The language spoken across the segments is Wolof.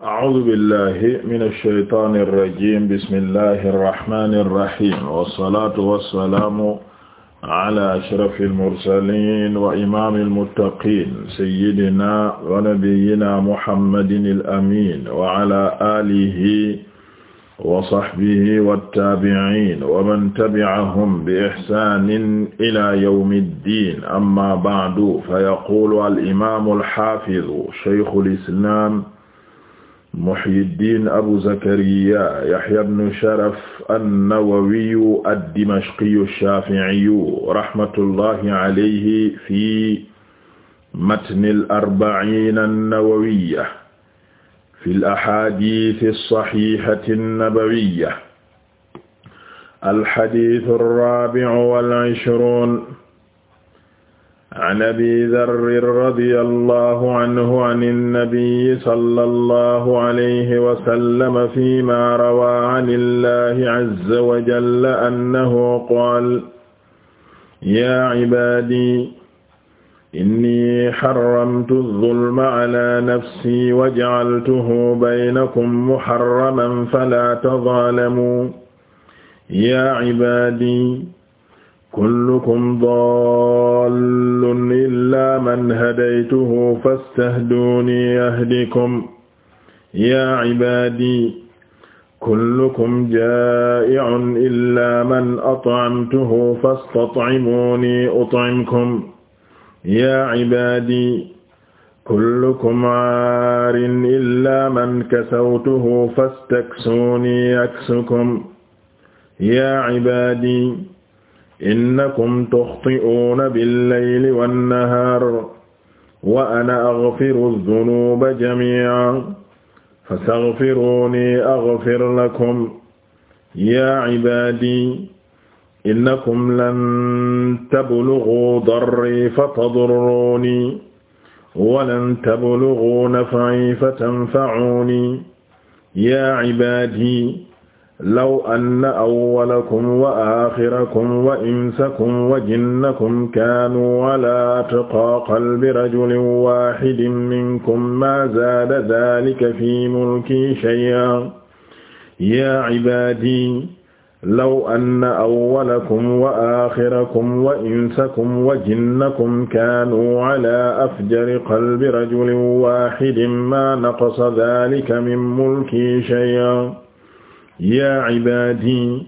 a'uuzu billahi mina shaytaani rajiim bismillahi rahmaani rahiim wasalaatu wasalaamu ala ashrafil mursaliin wa imaamil muttaqiin sayyidinaa wa nabiyyinaa muhammadinil amiin wa ala aalihi wa sahbihi wattaabi'iin wa man tabi'ahum bi ihsaanin ilaa yawmiddiin ammaa ba'du fayaquulu al imaamul haafizu shaykhul islaam Muhyiddin Abu Zakariya Yahya ibn Sharaf an-Nawawiyu ad-Dimashqiyu ash-Shafi'iyu rahmatullahi alayhi fi matni al-arba'iin an-nawawiyya fi al-ahaadiith as-sahihati an-nabawiyya al-hadiith ar-raabi'u wal-'ishruun an abi darrin radiya allahu anhu an annabiyi sala allahu alayhi wasallama fi ma rawaa an illahi azza wa jalla annahu qaal yaa cibaadi inni xaramtu zulma ala nafsi wa jacaltuhu baynakum muxarraman falaa tazaalamuu yaa cibaadi kullukum dallun illaa man hadaytuhu fastahduuni ahdikum yaa cibaadii kullukum jaa'iun illaa man at'amtuhu fastatcimuuni utcimkum yaa cibaadii kullukum caarin illaa man kasawtuhu fastaksuuni aksukum yaa cibaadii innakum tuxti'uuna billayli wannahaar wa ana aghfiru zunuuba jamii'an fastaghfiruunii aghfir lakum yaa cibaadii innakum lan tablughuu darrii fatadurruunii wa lan tablughuu nafcii fatanfacuunii yaa cibaadii law anna awwalakum wa axirakum wa insakum wa jinnakum kaanuu alaa atqaa qalbi rajulin waahidin minkum maa zaada zaalika fii mulkii shay'an yaa cibaadii law anna awwalakum wa axirakum wa insakum wa jinnakum kaanuu alaa afjari qalbi rajulin waahidin maa naqasa zaalika min mulkii shay'an yaa cibaadi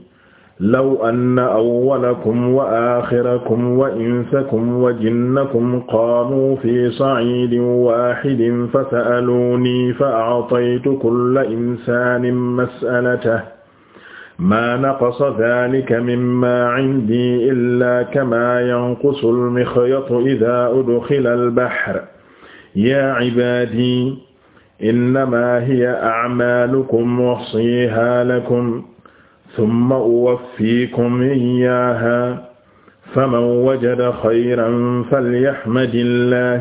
law anna awwalakum wa aaxirakum wa insakum wa jinnakum qaamuu fi saciidin waaxidin fasa'aluunii fa actaytu kulla insaanin mas'alatahu maa naqasa daalika mimmaa cindii illaa kamaa yanqusu almixyatu idaa udxila albaxr yaa cibaadi innama hiya a'maalukum uhsiihaa lakum summa uwaffiikum iyyaahaa faman wajada xayran falyaxmadillaah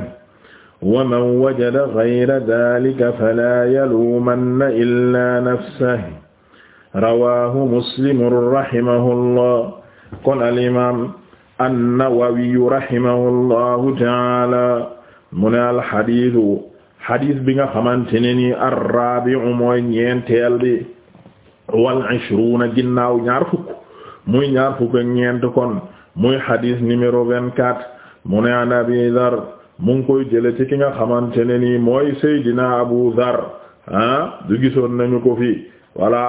wa man wajada gayra daalika falaa yaluumanna illaa nafsahu rawaahu muslimun rahimahullaah kon al-imaam an-Nawawi rahimahullaahu ta'aalaa mu ne al-hadiisu xadiis bi nga xamante ne ni arrabi'u mooy ñeenteel bi wal ishruuna ginnaaw ñaar fukk muy ñaar fukk ak kon muy xadiis numéro vingt-quatre mu ne an abi dar mu ngi koy jële ci ki nga xamante ne nii mooy seydina abu dar ah du gisoon nañu ko fi wala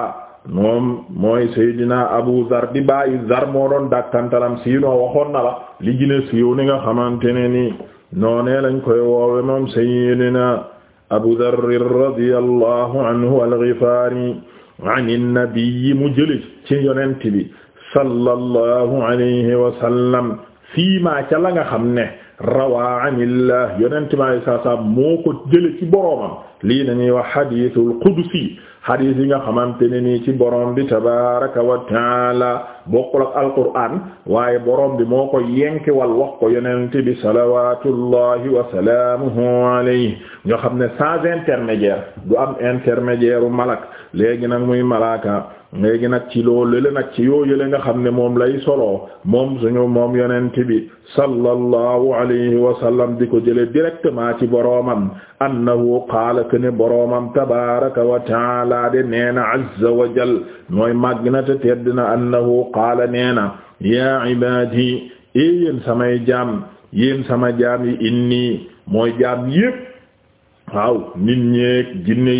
moom mooy seydina abu dar di bàyyi dar moo doon dàkkantalam siinoo waxoon na la li gën nga xamante ne nii koy woowe moom seydina abu darrin radiyallahu anhu al-Ghifaari an an-nabi mu jële ci yonent bi sallallahu alayhi wa sallam fii maa ca la nga xam ne rawaa anillah yonent bi alayhi salaam moo ko jële ci boroomam lii la ñuy wax hadithul qudsi hadith yi nga xamante ne nii ci borom bi tabaraka wa taala bokkul ak alquraan waaye borom bi moo ko yenkewal wax ko yonent bi salawatullahi wa salaamuhu alayhi ñoo xam ne sans intermédiaire du am intermédiaire u malak léegi nag muy malaaka léegi nag ci loolu la nag ci nga xam ne moom lay solo moom suñu moom yonent bi sallallahu alayhi wa sallam di ko jële directement ci boromam annahu qaala que ne boroomam tabaraka wa de nee azza wa jal mooy màgg annahu qaala nee na yaa ibaadi e yi inni mooy jaam yépp waaw nit ñeek yi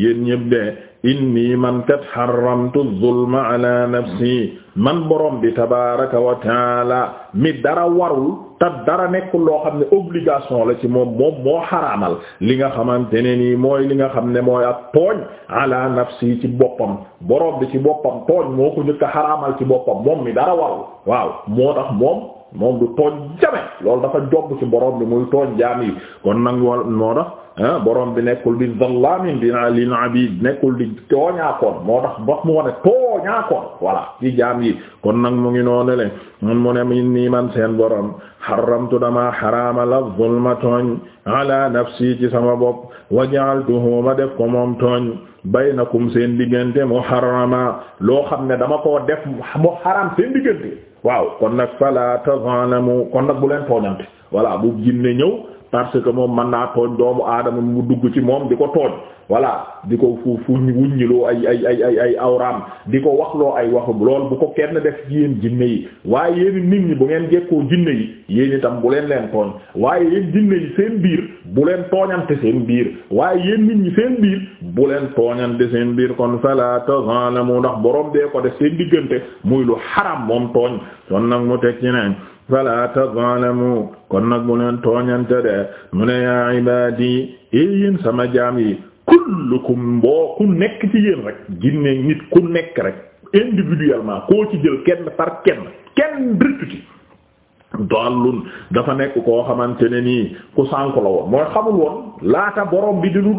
yéen ñépp de inni man kat xaramtu zulma ala nafsi man borom bi tabaraka wa taala mi dara warul te dara nekkul loo xam ne obligation la ci moom moom moo xaraamal li nga xamante ne nii mooy li nga xam ne mooy ak tooñ ala nafsi ci boppam borom bi ci boppam tooñ moo ko njëkk a xaraamal ci boppam moom mi dara warul waaw moo tax moom moom du tooñ jame loolu dafa jobb ci borom bi muy tooñ jaam yi kon nag wol moo tax borom bi nekkul di zallamin dina lil abid nekkul di tooñaakoon moo tax bax mu wane tooñaakoon voilà ci jaam yi kon nag mu ngi noonu le mun mu ne min nii man seen borom xaramtu dama xaraama la zulma tooñ ala nafsi ci sama bopp wa ja'altuhu ma def ko moom tooñ baynakum seen diggante muharrama loo xam ne dama ko def mu xaram seen diggante waaw kon nag fala tazalamu kon nag bu leen tooñante voilà bu jinne ñëw parce que moom man naa tooñ doomu aadama mu dugg ci moom di ko tooñ voilà di ko fu fu wuññiloo ay ay ay ay ay awraam di ko waxloo ay waxu lool bu ko kenn def ci yéen jinne yi waaye yéen nit ñi bu ngeen jekkoo jinne yi yéen itam bu leen leen tooñ waaye yéen jinne yi seen biir bu leen tooñante seen biir waaye yéen nit ñi seen biir bu leen tooñante seen biir kon fala tazalamu ndax boroom dee ko def seen diggante muy lu xaram moom tooñ kon nag mu teg ci ne fala tazalamu kon nag mu leen tooñante de mu ne yaa ibadi yéen sama jaam yi kullukum boo ku nekk ci yéen rek ginne nit ku nekk rek individuellement koo ci jël kenn par kenn kenn rëccu ci dafa nekk koo xamante ne nii ku sànk la woon mooy xamul woon laata borom bi di lu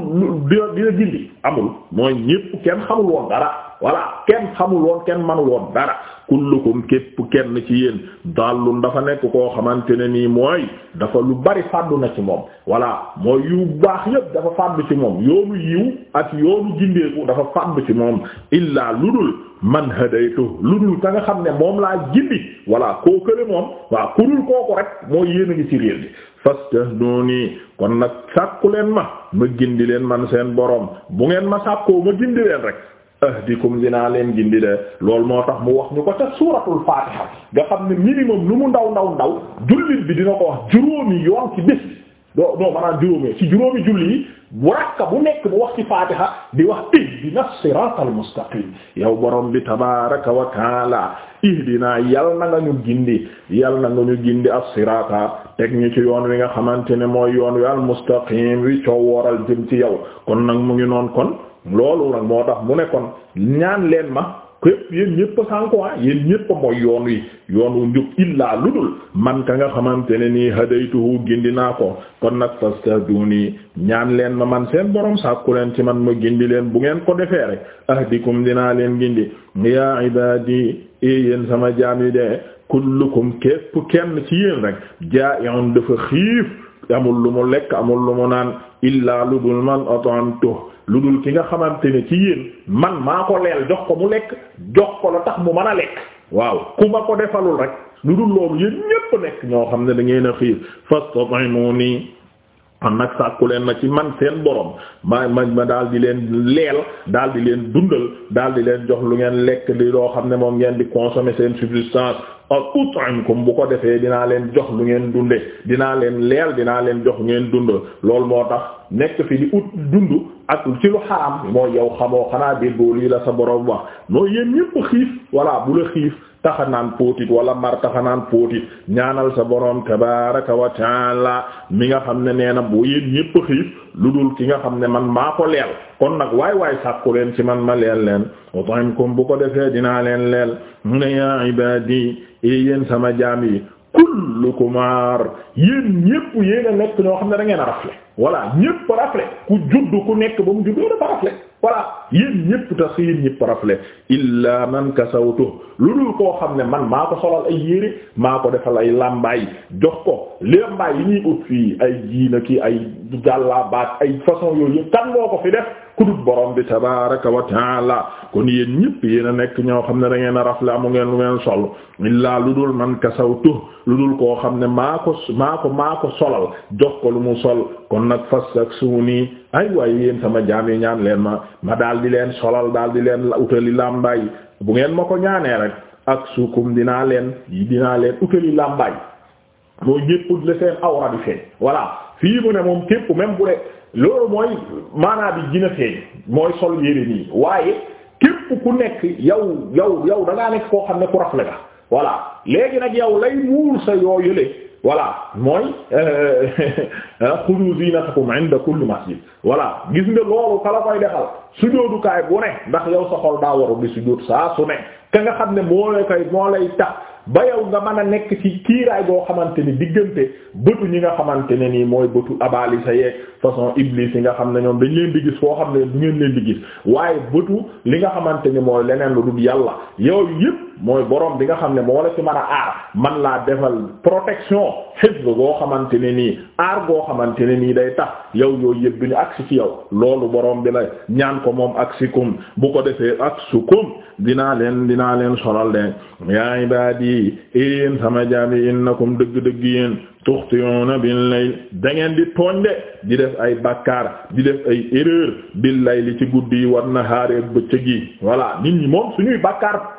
dina gindi amul mooy ñépp kenn xamul woon dara voilà kenn xamul woon kenn manul woon dara kullukum képp kenn ci yéen dallun dafa nekk koo xamante ne nii mooy dafa lu bari fàddu na ci moom voilà mooy yu baax yépp dafa fàddu ci moom yoonu yiw ak yoonu gindeeku dafa fàddu ci moom illaa lu dul man hadaytu lu dul ka nga xam ne moom laa gindi voilà koo kële moom waaw kurul kooku rek mooy yéen a ngi ci réer bi nii kon nag sàkku ma ma gindi leen man seen borom bu ngeen ma sàkkoo ma gindi leen rek ahdikum dinaa leen gindi de loolu moo tax mu wax ñu ko ca suuratul faatiha nga xam ne minimum lu mu ndaw ndaw ndaw jullit bi dina ko wax juróomi yoon ci bés doo doo juróomi ci juróomi julli yi bu rakka bu nekk bu wax ci faatiha di wax ihdina siraatal mustaqim yow borom bi tabaaraka wa taala ihdina yal na nga ñu gindi yal na nga ñu gindi as-siraata teg ñu ci yoon wi nga xamante ne mooy yoon wi al mustaqim wi coow wooral jëm ci yow kon nag mu ngi noon kon loolu nag moo tax mu ne kon ñaan leen ma képp yéen ñépp a sànkuwaa yéen ñépp a mooy yoon wi yoon wu njub illaa ludul man ka nga xamante ne nii hadaytuhu gindi naa ko kon nag fastahduni ñaan leen ma man seen borom sàkku leen ci man ma gindi leen bu ngeen ko defee rek ahdikum dinaa leen gindi yaa ibadi e eh yéen sama jaam yi de kullukum képp kenn ci yéen rek jaa'i'un dafa xiif amul lu mu lekk amul lu mu naan illaa lu dul man at'amtu lu dul ki nga xamante ne ci yéen man maa ko leel jox ko mu lekk jox ko la tax mu man a lekk waaw ku ma ko defalul rek lu dul loolu yéen ñépp nekk ñoo xam ne da ngeen a xiif nii kon nag sàkku leen ma ci man seen borom ma ma ma daal di leen leel daal di leen dundal daal di leen jox lu ngeen lekk di loo xam ne moom ngeen di consommer seen subsistance ak ut'imkum bu ko defee dinaa leen jox lu ngeen dunde dinaa leen leel dinaa leen jox ngeen dund loolu moo tax nekk fi di ut dund ak ci lu xaram mooy yow xamoo xanaa déggoo lii la sa borom wax noo yéen ñépp xiif walla bu la xiif taxa naan póotit wala mar taxa naan póotit ñaanal sa boroom tabaraka wa la mi nga xam ne nee na bu yéen ñépp xiif lu dul ki nga xam ne man maa ko leel kon nag waay waay sàkku leen ci man ma leel leen kom bu ko defee dinaa leen leel mu ne yaa ibadi eh, yéen sama jaam yi kullukum aar yéen ñépp yéen a nekk ñoo xam ne da ngeen a rafle voilà ñépp rafle ku judd ku nekk ba mu juddoo dafa rafle voilà yéen ñëpp tax yéen ñëpp rafle illa man kasawtu lu dul koo xam ne man maa ko solal ay yére maa ko defal ay làmbaay jox ko làmbaay yi ñuy ut fii ki ay jàllaa baat ay façon yooyu ko fi def kudut borom bi tabaraka wa taala kon yéen yéen a nekk ñoo xam ne da ngeen a rafle amu ngeen lu ngeen sol illaa lu dul man kasawtu lu dul koo xam ne maa ko maa ko maa ko solal jox ko lu mu sol kon nag fas ak suuni ay waaye yéen sama jaam yi ñaan leen ma ma dal di leen solal daal di leen utali làmbaay bu ngeen ma ko ñaanee rek ak sukum dinaa leen dinaa leen utali làmbaay mooy ñépp le seen awra di feeñ voilà fii mu ne moom képp même bu re loolu mooy maanaa bi gën a mooy sol yére nii waaye képp ku nekk yow yow yaw da ngaa nekk koo xam ne ku rafle nga voilà léegi nag yow lay muur sa yoo yële voilà mooy euh, ah, xudu zinatakum inda kulli masjid voilà gis nga loolu kala koy defal sujoodukaay bu ne ndax yow sa xol daa waru di sujood saa su ne ka nga xam ne moo lay koy moo lay tax ba yow nga man a nekk ci kiiraay boo xamante ni diggante bëtu ñi nga xamante ne nii mooy bëtu abali sa yeeg façon iblis yi nga xam ne ñoom dañ leen di gis foo xam ne du ngeen leen di gis waaye bëtu li nga xamante ni mooy leneen lu dul yàlla yow yépp mooy boroom bi nga xam ne moo la ci mën a aar man laa defal protection xifse goo xamante ne nii aar goo xamante ne nii day tax yow yooyu yëpp duñu agsi ci yow loolu boroom bi la ñaan ko moom aksikum bu ko defee ak aksukum dinaa leen dinaa leen solal de yaa di yéen sama na innakum dëgg-dëgg yéen tuxtiyoona bi layl da ngeen di tooñ de di def ay bakkaar di def ay erreur bil layli ci guddi yi war na xaaree bëccëg yi voilà nit ñi moom suñuy bakkaar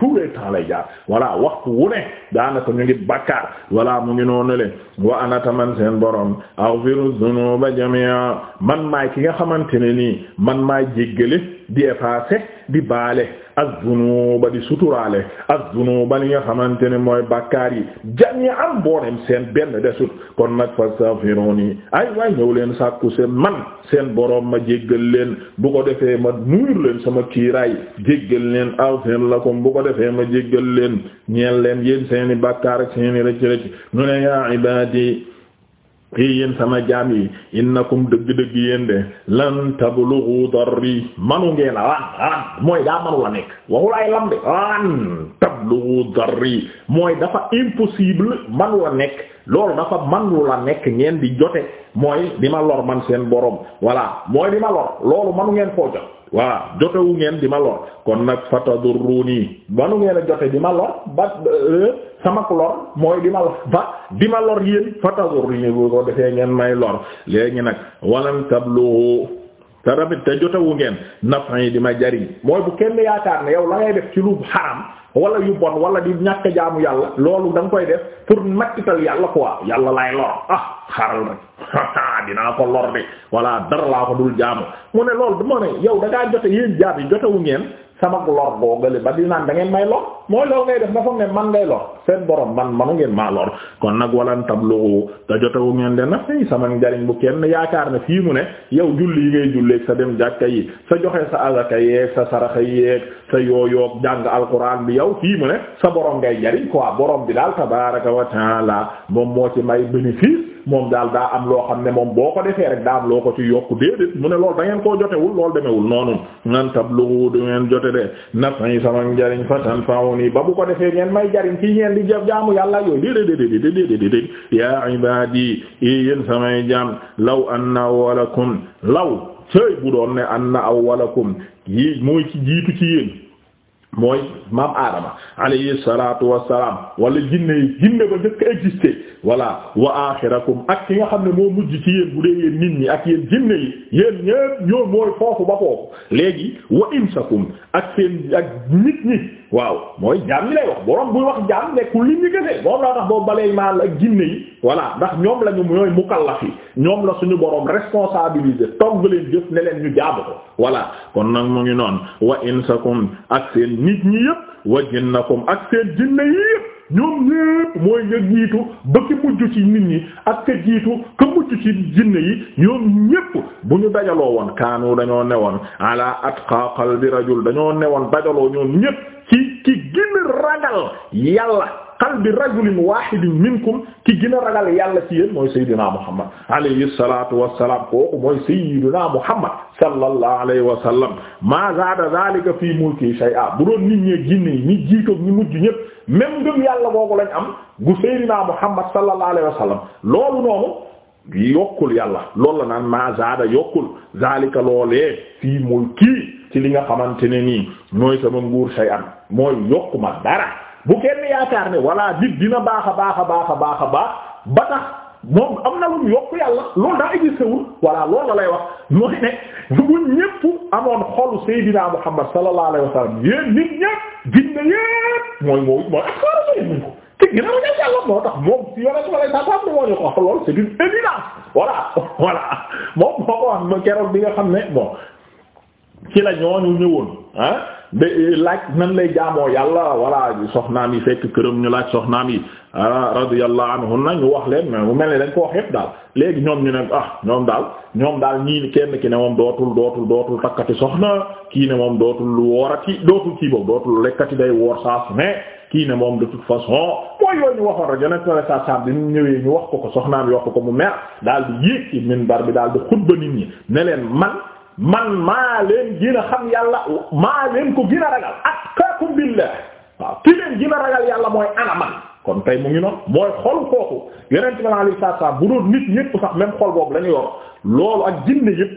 tous les temps lay jaar voilà waxtu wu ne daanaka ñu ngi bakkaar voilà mu ngi noonu le wa anata man seen borom aghfiru dhunuba jami'a man maay ki nga xamante ne nii man maay jéggale di effacer di baale az-zunuba di suturaale az-zunuba li nga xamante ne mooy bakkaar yi jami'an boonem seen benn desut kon nag fastaghfiruni ay waay ñëw leen sàkku seen man seen boroom ma jéggal leen bu ko defee ma nuur leen sama kiiraay jéggal leen la lakum bu ko defee ma jéggal leen ñeel leen yéen seeni bakkaar ak seeni rëcc rëcc ñu ne yaa ibadi ey yéen sama jaam yi innakum dëgg-dëgg yéen de lan tablughu darri manu ngeen lan lan mooy daa manu la nekk waxul ay lam de lan tablughu darri mooy dafa impossible manu la nekk loolu dafa manu la nekk ngeen di jote mooy di ma lor man seen borom voilà mooy di ma lor loolu manu ngeen koo jot voilà jotewu ngeen di ma lor kon nag fatadurruni manu ngeen a jote di ma lor ba euh, sama lor mooy di ma lor ba di ma lor yéen fa tawur defee ngeen may lor léegi nag walam tablu te tamit te jotewu ngeen nafa yi di ma jariñ mooy bu kenn yaakaar ne yow la ngay def ci lu xaram wala yu bon wala di ñàkk jaamu yàlla loolu da koy def pour mattital yàlla ko quoi yàlla laay lor ah xaral rek dinaa ko lor de wala dara laa ko dul jaamu mu ne loolu dama ne yow da ngaa jote yéen jaam yi jotewu ngeen sama lor boogale ba di naan da ngeen may lor mooy lor ngay def nga foog ne man ngay lor seen borom man manu ngeen maa lor kon nag walan tablu te jotewu ngeen de na fay sama njariñ bu kenn yaakaar ne fii mu ne yow julli yi ngay julleeg sa dem jàkka yi sa joxe sa azaka yeeg sa saraxa yeeg sa yooyoog jàng alquran bi yow fii mu ne sa boroom ngay jariñ quoi borom bi daal tabaraka wa taala moom moo ci may bénéfice moom daal daa am loo xam ne moom boo ko defee rek daa am loo ko ci yokk déedéet mu ne loolu ba ngeen koo jotewul loolu demewul noonu nan tablugu du ngeen jote de nafay sama njariñ fa fawni ba bu ko defee ngeen may jariñ ci ngeen di jëf jaamu yàlla yooyu déedéet déedéet déedéet déedéet yaa ibadi yéen samay jaam law anna awwalakum law sëy bu doon ne anna awwalakum yi mooy ci jiitu ci yéen mooy maam aadama alayhi salaatu wassalaam wala jinne yi jinne ba njëkk exister voilà wa axirakum ak ki nga xam ne moo mujj ci yéen bu dee yéen nit ñi ak yéen jinne yi yéen ñépp ñoo mooy foofu ba foofu léegi wa insakum ak seen ak nit ñi waaw mooy jaam ñi lay wax borom buy wax jaam nekkul nit ñi kese moom laa tax boobu balay maal ak jinne yi voilà ndax ñoom la ñu ñooy mukallaf yi ñoom la suñu borom responsabilisé togg leen jëf ne leen ñu jaab ko voilà kon nag mu ngi noonu wa insakum ak seen nit ñi yëpp wa jinnakum ak seen ñoom ñépp mooy ña jiitu ba ki mujj ci nit ñi ak ka jiitu ka mujj ci jinne yi ñoom ñépp bu ñu dajaloo woon kaanu dañoo ne woon ala atqa qalbi rajul dañoo newoon dajaloo ñoom ñépp ci ki gën ragal yàlla qalbi rajulin wahidin minkum ki gën ragal yàlla ci yéen mooy sayyidina Muhammad alayhi salatu wassalam kooku mooy sayyidina Muhammad sallallahu alayhi wa sallam ma zaada zalika fi mulki shay'a bu doon nit mujj ñépp même ngëm yàlla boobu am gu Muhammad loolu noonu yokkul yàlla loolu la naan ma zaada yokkul zalika loolee fii mulki ci li nga xamante ne nii mooy sama nguur mooy yokkuma dara bu kenn yaakaar ne walla nit dina baax a baax a baax a baax a baax ba tax moom am na lu mu yokk yàlla loolu daa existé wul walla loolu la lay wax mooy ne bu ñépp amoon xolu Seydina Muhammad sallallahu alayhi wa sallam yéen a ragal tax moom si moo ko loolu c'est wax keroog bi nga xam ne bon ci la ñooñu ñëwoon ba laaj nan lay jaamoo yàlla walla soxnaam yi fekk këram ñu laaj soxnaam yi ah, radiyallahu anhunna ñu wax leen mais mu mel ni dañ ko wax yépp daal léegi ñoom ñu ne ah ñoom daal ñoom daal ñii kenn ki ne moom dootul dootul dootul takkati soxna kii ne moom dootul lu woorati dootul kii boobu dootul lekkati day woor saa su ne kii ne moom de toute façon mooy yooyu ñu waxoon rek yonent na saa saam bi ñu ñëwee ñu wax ko ko soxnaan yi ko mu mer daal di yéeg ci minbar bi daal man maa leen gën a xam yàlla maa leen ko gën a ragal atqaakum billah waaw ki leen gën ragal yàlla mooy ana man kon tey mu ngi noonu mooy xol kooku yeneen ci maanaam alayhi salaam bu doon nit ñépp sax même xol boobu la ñu yor loolu ak jinne yépp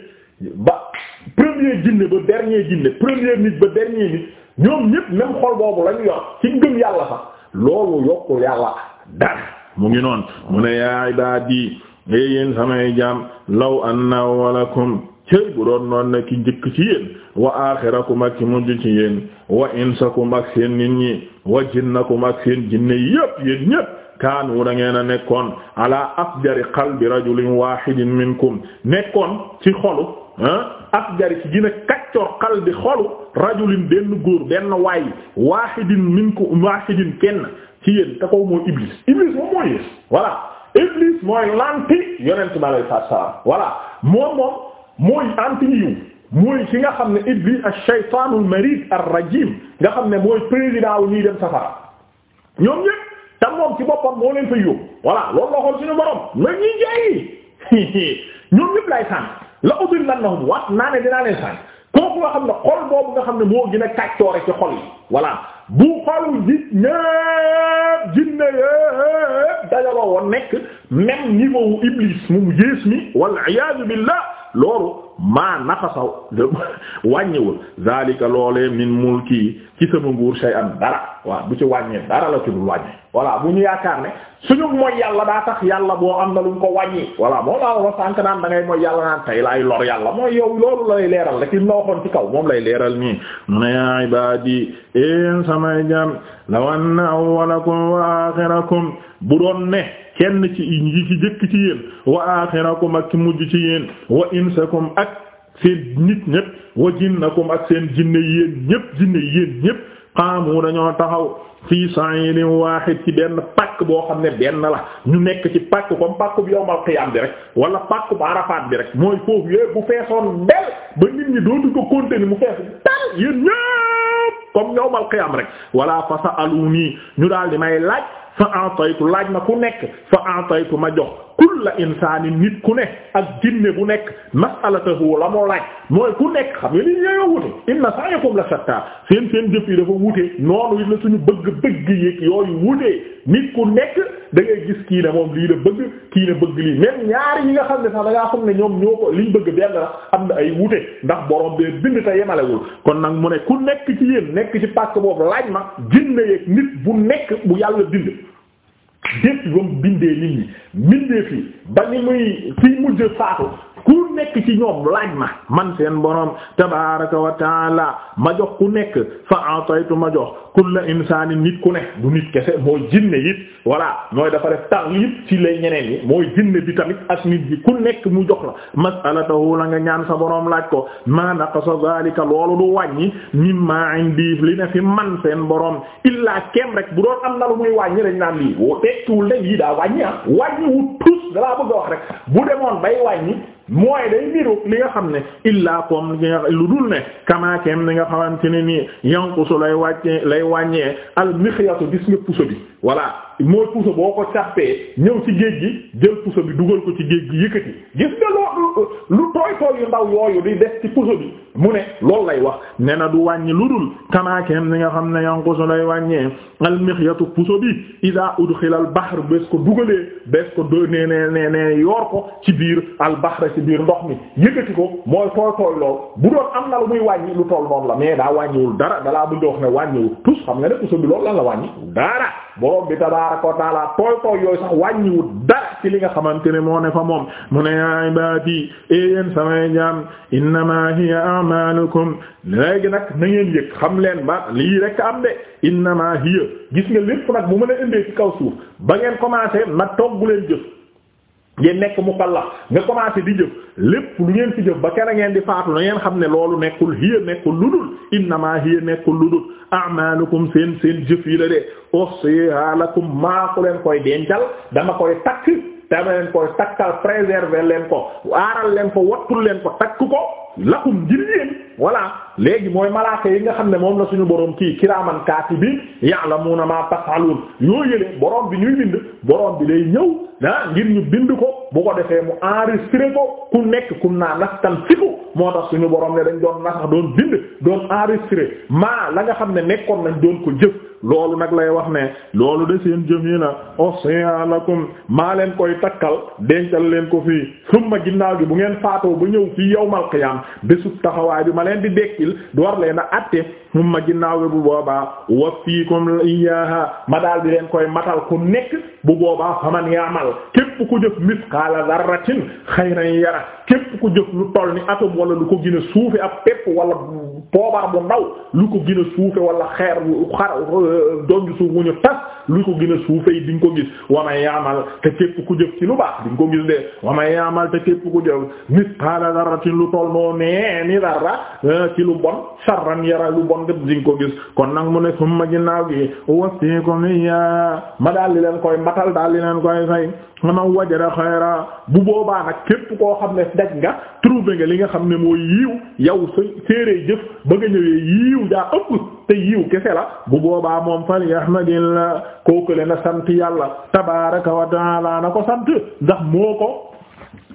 ba premier jinne ba dernier jinne premier nit ba dernier nit ñoom ñépp même xol boobu la ñu ci gëm yàlla sax loolu yokku yàlla dara mu ngi noon mu ne yaa ibaadi yéen samay jaam law anna walakum cëy bu doon noon na ki njëkk ci yéen wa axirakum ak ci mujj ci yéen wa insakum ak seen nit ñi wa jinnakum ak seen jinne yépp yéen ñépp kaanu da a nekkoon ala afjari qalbi rajulin wahidin minkum nekkoon ci xolu ah afjari ci gën a kaccoor qalbi xolu rajulin benn góor benn waay wahidin minkum wahidin kenn ci yéen te ko mooy iblis iblis moom mooy yées voilà iblis mooy lanti yonent bi alayhi salaam voilà moom moom mooy anti yiw mooy ki nga xam ne iblis ash-shaytaanu al-marid ar-rajim nga xam ne mooy président wu ñuy dem safara ñoom ñëpp te ci boppam moo leen fay yóbbu voilà loolu la xool suñu borom la ñuy jaay ñoom ñëpp lay sànq la udillannahum waat naa ne dinaa leen sànq kooku nga xam ne xol boobu nga xam ne moo gën a kàccoore ci xol yi voilà bu xolu ji ñëpp jinne yëpp dajaloo woon nekk même niveau wu iblis mu mu mi wal iyaadu billah loolu maa naqasaw wàññiwul zalika loolee min mulki ci sama nguur shay'an dara waaw bu ci wàññee dara la ci dul wàññee voilà bu ñu yaakaar ne suñu mooy yàlla daa tax yàlla boo am na lu mu ko wàññi voilà moo laa wax sànk naan da ngay yàlla naan tey laay lor yàlla mooy yow loolu lay leeral rek im na waxoon ci kaw moom lay leeral nii mu ne yaa ibaadi yéen samay jàm law anna awwalakum wa axirakum bu doon ne kenn ci ñi ci jëkk ci yéen wa axirakum ak ci mujj ci yéen wa insakum ak seen nit ñépp wa jinnakum ak seen jinne yéen ñépp jinne yéen ñépp qaamu dañoo taxaw yi sa'ilin wahid ci benn pàkk boo xam ne benn la ñu nekk ci pàkk comme pàkk bu yawmal qiyaam bi rek wala pàkk bu Arafat bi rek mooy foofu yooyu bu feesoon bel ba nit ñi dootu ko continuer mu fees dal yéen ñépp comme yawmal qiyaam rek wala fa sa'aluni ñu daal di may laaj fa a'taytu laaj ma ku nekk fa a'taytu ma jox kulla insaani nit ku ne ak jinne bu nekk mas'alatahu la moo laaj mooy ku nekk xam nga nit ñoo wute inna sa'yakum la shatta seen seen jëf yi dafa wute noonu it la suñu bëgg-bëgg yéeg yooyu wute nit ku nekk da ngay gis kii ne moom lii la bëgg kii ne bëgg lii même ñaari yi nga xam ne sax da ngaa xam ne ñoom ñoo ko liñ bëgg benn la am na ay wute ndax boroom bee bind te yemalewul kon nag mu ne ku nekk ci yéen nekk ci pàcc boobu laaj ma jinne yeeg nit bu nekk bu yàlla bind depuis ba mu bindee nit ñi bindee fi ba ni muy kiy mujj faatu ku nekk ci ñoom laaj ma man seen borom tabaaraka wa taala ma jox ku nekk fa ataytu ma jox kulla insaanin nit ku ne du nit kese mooy jinne it voilà nooy dafa def taxlib ci lay ñeneen yi mooy jinne bi tamit ak nit bi ku nekk mu jox la masalatahu la nga ñaan sa boroom laaj ko ma naqasa zalika loolu du wàññi mimma indi li ne fi man seen borom illaa keem rek bu doon am na lu muy wàññi dañ naan lii tekkiwul ne lii daa wàññi ah wàññi wu tus dalaa bëgg a mooy day biru li nga xam ne illaa comme lu dul ne kamaakeem ni nga xamante ne nii yanqusu lay wàccee lay wàññee al mixyatu gis nga puso bi voilà mooy puso boo ko sàppee ñëw ci géej gi jël puso bi dugal ko ci géej gi yëkkati gis nga loo lu tooy tooy yu ndaw yooyu di des ci puso bi mu ne loolu lay wax ne na du wàññi lu dul kamaakeem ni xam ne yanqusu lay wàññee almixyatu puso bi ida udxila al bahr bés ko dugalee bés ko do ne ne ne ne yoor ko ci biir al bahr ci biir ndox mi yëkkati ko mooy tooy tooy lool bu doon am na lu muy wàññi lu toll noonu la mais daa wàññiwul dara dalaa bëgg wax ne wàññiwul tous xam nga ne puso bi loolu lan la wàññi dara borom bi tabaaraka wa taala tooy tooy yooyu sax wàññiwut dara ci li nga xamante ne moo ne fa moom mu ne yaa ibaadi e yéen samay jaam innamaa hiya a'maalukum léegi nag na ngeen yëg xam leen ba lii rek am de innamaa hiya gis nga lépp nag bu mën a indee ci kaw suuf ba ngeen commencé nag togg leen jëf ngeen nekk mukallaf nga commencé di jëf lépp lu ngeen fi jëf ba kera ngeen di faatu na ngeen xam ne loolu nekkul hiya nekkul ludul innama hiya nekkul ludul a'malukum seen seen jëf yi la de usiha lakum maa ku leen koy dencal dama koy takk dama leen koy takkal préserver leen ko aaral leen ko wattul leen ko takk ko lakum ngir yéen voilà léegi mooy malaaka yi nga xam ne moom la suñu borom kii kiraaman mu na maa taf'aluun yoo yële borom bi ñuy bind borom bi day ñëw ah ngir ñu bind ko bu ko defee mu enregistré ko ku nekk kum naa nastan fiku moo tax suñu borom ne dañ doon nasax doon bind doon enregistré maa la nga xam ne nekkoon nañ doon ko jëf. loolu nag lay wax ne loolu de seen jëf yi na usiya lakum maa leen koy takkal dencal leen ko fii summa ginnaaw gi bu ngeen faatoo ba ñëw fii yawmal qiyaam bésub taxawaay bi ma leen di dekkil du war leen a àtte ma ginnaaw gi bu boobaa waffiikum iyaaha ma daal bi leen koy matal ku nekk bu boobaa faman yaamal képp ku jëf misqaala na xayran yara képp ku jëf lu toll ni atom wala lu ko gën a suufe a pepp wala poobar bu ndaw lu ko gën a suufe wala xeer xar euh, donju suuf mu ñu tas lu ko gën a suufe yi di nga ko gis wamay yaamal te képp ku jëf ci lu baax di nga ko gis de wamay yaamal lu toll noo nee ni darra euh, ci lu bon sarran yara lu bon def di nga ko gis kon nag mu ne summa ginnaaw gi wasiikum ya ma daal di leen koy matal daal di leen koy fay man wajada xayra bu boobaa nag képp koo xam ne daj nga trouvé nga li nga xam ne mooy yiiw yow sa séeréer jëf ba nga ñëwee yiiw daa ëpp te yiiw kese la bu boobaa moom ma fal la kookale na sant yàlla tabaaraka wa ta'ala na ko sant ndax moo ko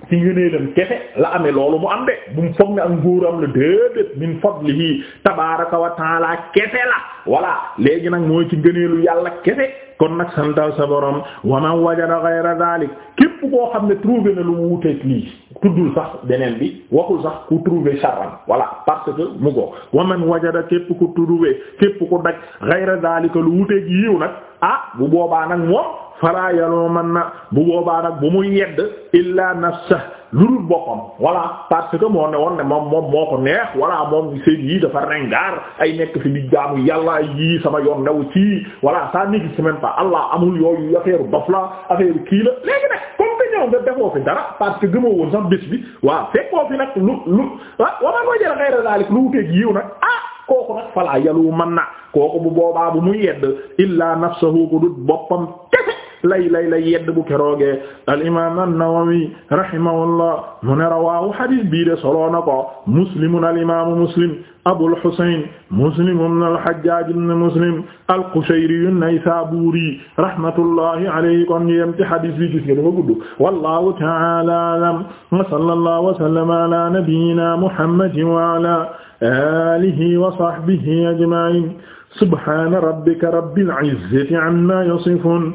ci ngëneelam kese la ame loolu mu am de bu mu foog ne ak nguuram la déedéet min fadlihi tabaaraka wa ta'ala kese la voilà léegi nag mooy ci ngëneelu yàlla kese kon nag santal sa borom wa man wajada ghayra dalik képp koo xam ne trouvé na lu wuuteek lii tuddul sax beneen bi waxul sax ku trouver charran voilà parce que mu go wa man wajada képp ku trouver képp ku daj ghayra dhalika lu wuteeg yiw nag ah bu boobaa nag moom fala yaloo man na bu boobaa nag bu muy yedd illa nafsa lu dul boppam voilà parce que moo moom moom moo ko neex voilà moom seen yii dafa rengaar ay nekk fi di jaamu yàlla yii sama yoon new ci voilà ça n'existe même pas allah amul yooyu affaire dof la affaire kii la léegi nag comme que ñëw nga defoo fi dara parce que gëmoo woon sax bés bi waaw fekkoo fi nag lu lu ah waman ko jël dalik lu wuteeg yiw nag ah kooku nag falaa yalu man na kooku bu boobaa bu muy yedd illa nafsahu ko dut boppam lay lay lay yedd bu keroogee al imam an-Nawawi rahimahullah mu ne rawaahu hadis bii de soloo na ko muslimun al imamu muslim Abul Husayn Muslim ibn al-Hajjaj ibn Muslim al-Qushayri an-Naysaburi rahmatullahi alayhi kon ñu yem ci hadis bi gis nga dafa gudd wallahu ta'ala a'lam wa sallallahu wa sallama ala nabiyyina Muhammadin wa ala alihi wa sahbihi ajma'in subhana rabbika rabbil izzati amma yasifun